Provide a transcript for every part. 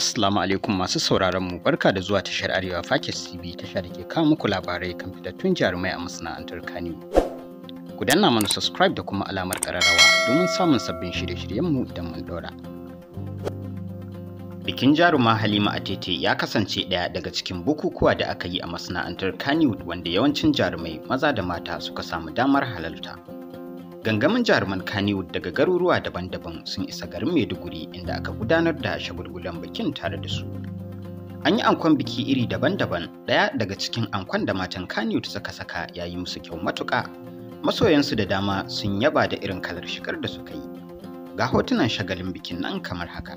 Assalamu alaikum masu sauraron mu barka da zuwa tashar Arewa Fakis TV tasha da ke kawo muku labarai kan fitattun jarumai a masana'antar Kano. Ku danna mana subscribe da kuma alamar kararrawa domin samun sabbin shirye-shiryen mu idan mun dora. Bikin jaruma Halima Atete ya kasance ɗaya daga cikin bukukuwa da aka yi a masana'antar Kano wanda yawancin jarumai maza da mata suka samu damar halarta. Gangamin jaruman Kannywood daga garuruwa daban-daban sun isa garin Maiduguri inda aka gudanar da shagulgulan bikin tare da su. An yi ankon biki iri daban-daban, ɗaya daga cikin ankon da matan Kaniwood suka saka ya yi musu kyau matuƙa. Masoyansu da dama sun yaba da irin kalar shigar da suka yi. Ga hotunan shagalin bikin nan kamar haka.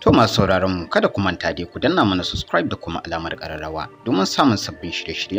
To masu sauraron mu kada ku manta dai ku danna mana subscribe da kuma alamar ƙararrawa domin samun sabbin shirye shirye